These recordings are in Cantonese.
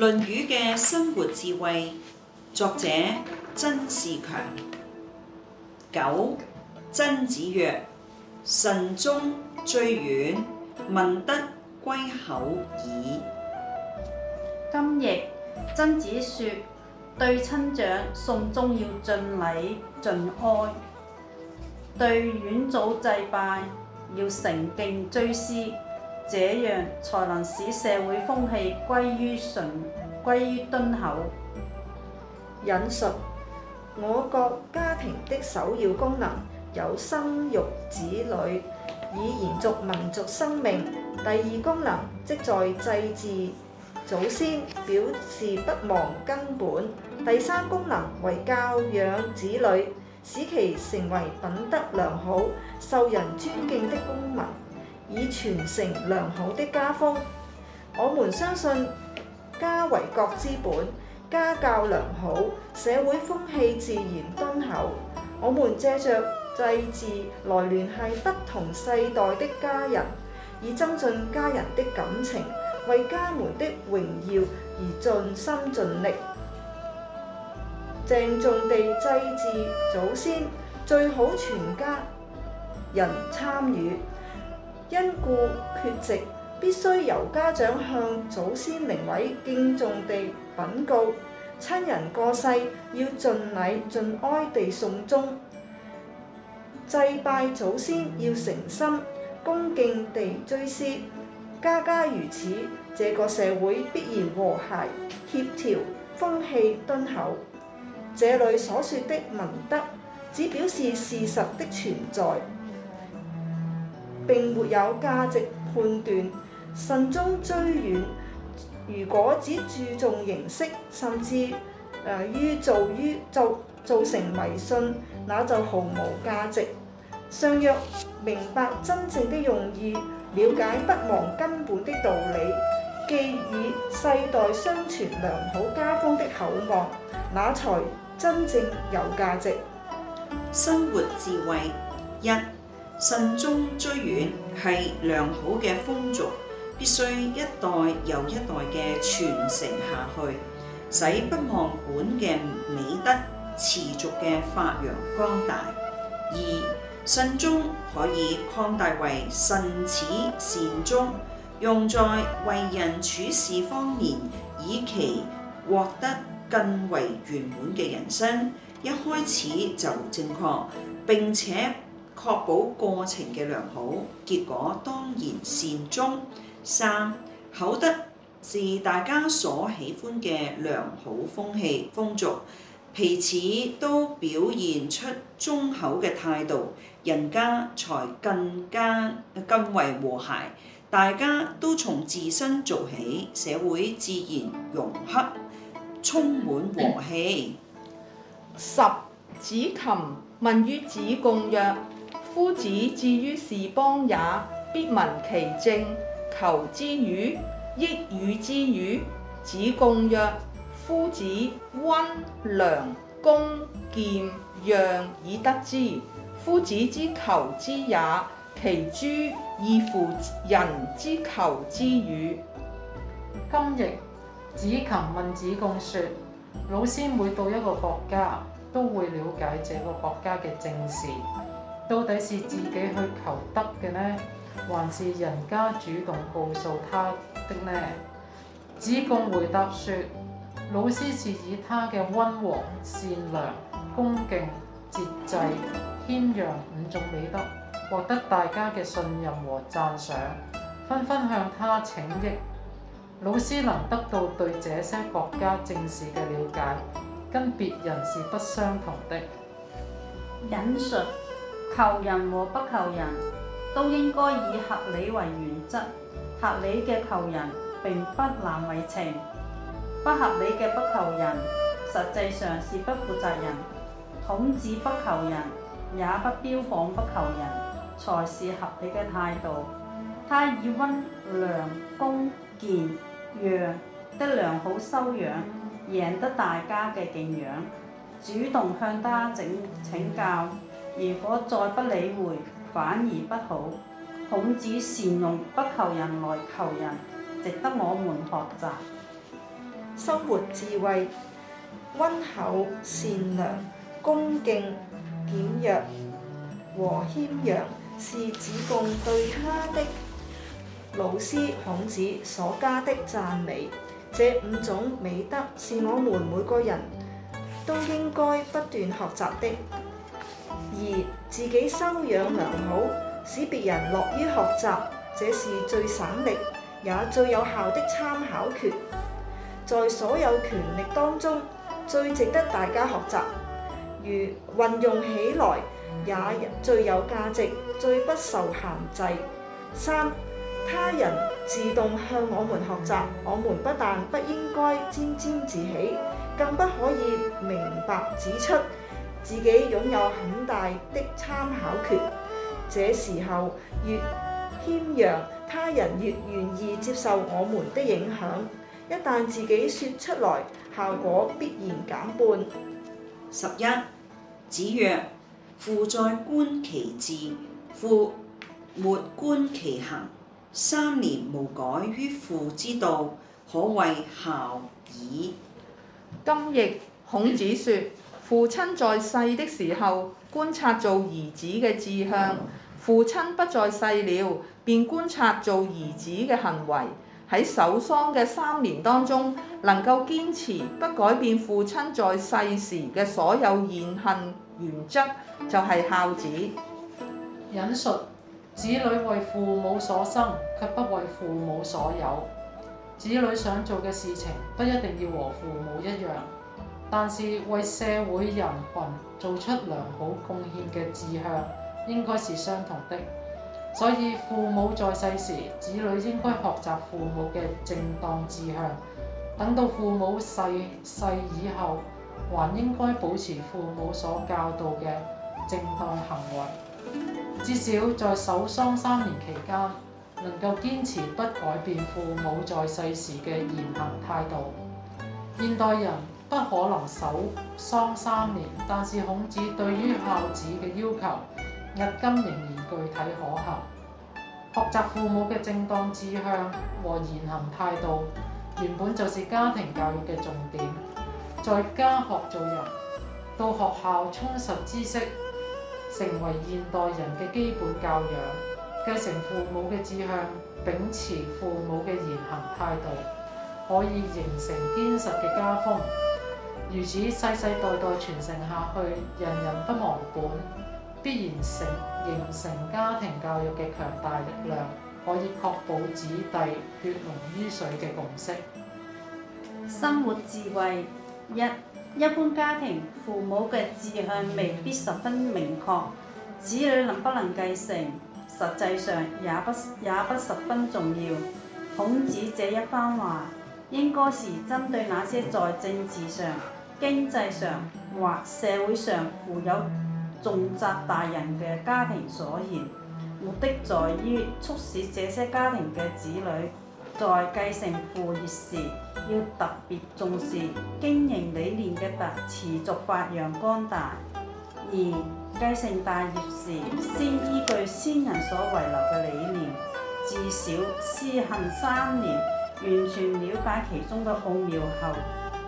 《論語》嘅生活智慧，作者曾仕強。九，曾子曰：慎終追遠，民德歸厚矣。今譯曾子說：對親長送終要盡禮盡哀，對遠祖祭拜要誠敬追思。這樣才能使社會風氣歸於順、歸於敦厚。引述：「我國家庭的首要功能有生育子女，以延續民族生命；第二功能即在祭祀祖先，表示不忘根本；第三功能為教養子女，使其成為品德良好、受人尊敬的公民。以傳承良好的家風，我們相信家為國之本，家教良好，社會風氣自然敦厚。我們借着祭祀來聯繫不同世代的家人，以增進家人的感情，為家門的榮耀而盡心盡力，鄭重地祭祀祖先，最好全家人參與。因故缺席，必須由家長向祖先靈位敬重地禀告。親人過世，要盡禮盡哀地送終。祭拜祖先要誠心恭敬地追思。家家如此，這個社會必然和諧協調，風氣敦厚。這裡所說的文德，只表示事實的存在。並沒有價值判斷，慎終追遠，如果只注重形式，甚至誒於造於造造成迷信，那就毫無價值。相約明白真正的用意，了解不忘根本的道理，寄予世代相傳良好家風的厚望，那才真正有價值。生活智慧一。慎終追遠係良好嘅風俗，必須一代又一代嘅傳承下去，使不忘本嘅美德持續嘅發揚光大。二，慎終可以擴大為慎始善終，用在為人處事方面，以期獲得更為圓滿嘅人生。一開始就正確，並且。.確保過程嘅良好，結果當然善終。三，口德是大家所喜歡嘅良好風氣風俗，彼此都表現出忠厚嘅態度，人家才更加更為和諧。大家都從自身做起，社會自然融洽，充滿和氣。十，子禽問於子貢曰。夫子至於是邦也，必聞其政。求之與？抑與之與？子貢曰：夫子溫良恭儉讓以得之。夫子之求之也，其諸異乎人之求之與？今日子禽問子貢說：老師每到一個國家，都會了解這個國家嘅政事。到底是自己去求得嘅呢，還是人家主動告訴他的呢？子貢回答説：老師是以他嘅溫和、善良、恭敬、節制、謙讓五種美德，獲得大家嘅信任和讚賞，紛紛向他請益。老師能得到對這些國家政事嘅了解，跟別人是不相同的。隱術。求人和不求人都應該以合理為原則，合理嘅求人並不難為情，不合理嘅不求人實際上是不負責任。孔子不求人，也不標榜不求人，才是合理嘅態度。他以溫良恭儉讓的良好修養贏得大家嘅敬仰，主動向他整請教。如果再不理會，反而不好。孔子善用不求人來求人，值得我們學習。生活智慧、溫厚、善良、恭敬、儉約和謙讓，是子貢對他的老師孔子所加的贊美。這五種美德是我們每個人都應該不斷學習的。二、自己修養良好，使別人樂於學習，這是最省力也最有效的參考權，在所有權力當中最值得大家學習，如運用起來也最有價值、最不受限制。三、他人自動向我們學習，我們不但不應該沾沾自喜，更不可以明白指出。自己擁有很大的參考權，這時候越謙讓他人，越願意接受我們的影響。一旦自己說出來，效果必然減半。十一子曰：父在，觀其志；父沒，觀其行。三年無改於父之道，可謂孝矣。今譯孔子說。父親在世的時候，觀察做兒子嘅志向；父親不在世了，便觀察做兒子嘅行為。喺守喪嘅三年當中，能夠堅持不改變父親在世時嘅所有言行原則，就係孝子。引述：子女為父母所生，卻不為父母所有。子女想做嘅事情，不一定要和父母一樣。但是為社會人群做出良好貢獻嘅志向應該是相同的，所以父母在世時，子女應該學習父母嘅正當志向；等到父母逝世，世以後，還應該保持父母所教導嘅正當行為，至少在守喪三年期間，能夠堅持不改變父母在世時嘅言行態度。現代人，不可能守喪三年，但是孔子對於孝子嘅要求，日今仍然具體可行。學習父母嘅正當志向和言行態度，原本就是家庭教育嘅重點。在家學做人，到學校充實知識，成為現代人嘅基本教養。繼承父母嘅志向，秉持父母嘅言行態度，可以形成堅實嘅家風。如此世世代代傳承下去，人人不忘本，必然成形成家庭教育嘅強大力量，可以確保子弟血濃於水嘅共識。嗯、生活智慧一，一般家庭父母嘅志向未必十分明確，子女能不能繼承，實際上也不也不十分重要。孔子這一番話應該是針對那些在政治上。經濟上或社會上負有重責大任嘅家庭所言，目的在於促使這些家庭嘅子女在繼承父業時，要特別重視經營理念嘅發持續發揚光大；而繼承大業時，先依據先人所遺留嘅理念，至少施行三年，完全了解其中嘅奧妙後，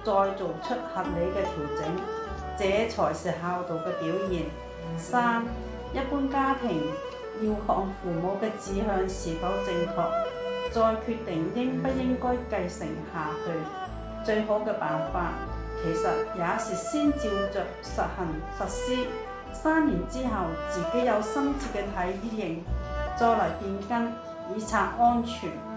再做出合理嘅調整，這才是孝道嘅表現。嗯、三，一般家庭要看父母嘅志向是否正確，再決定應不應該繼承下去。嗯、最好嘅辦法其實也是先照着實行實施，三年之後自己有深切嘅體驗，再嚟變更，以策安全。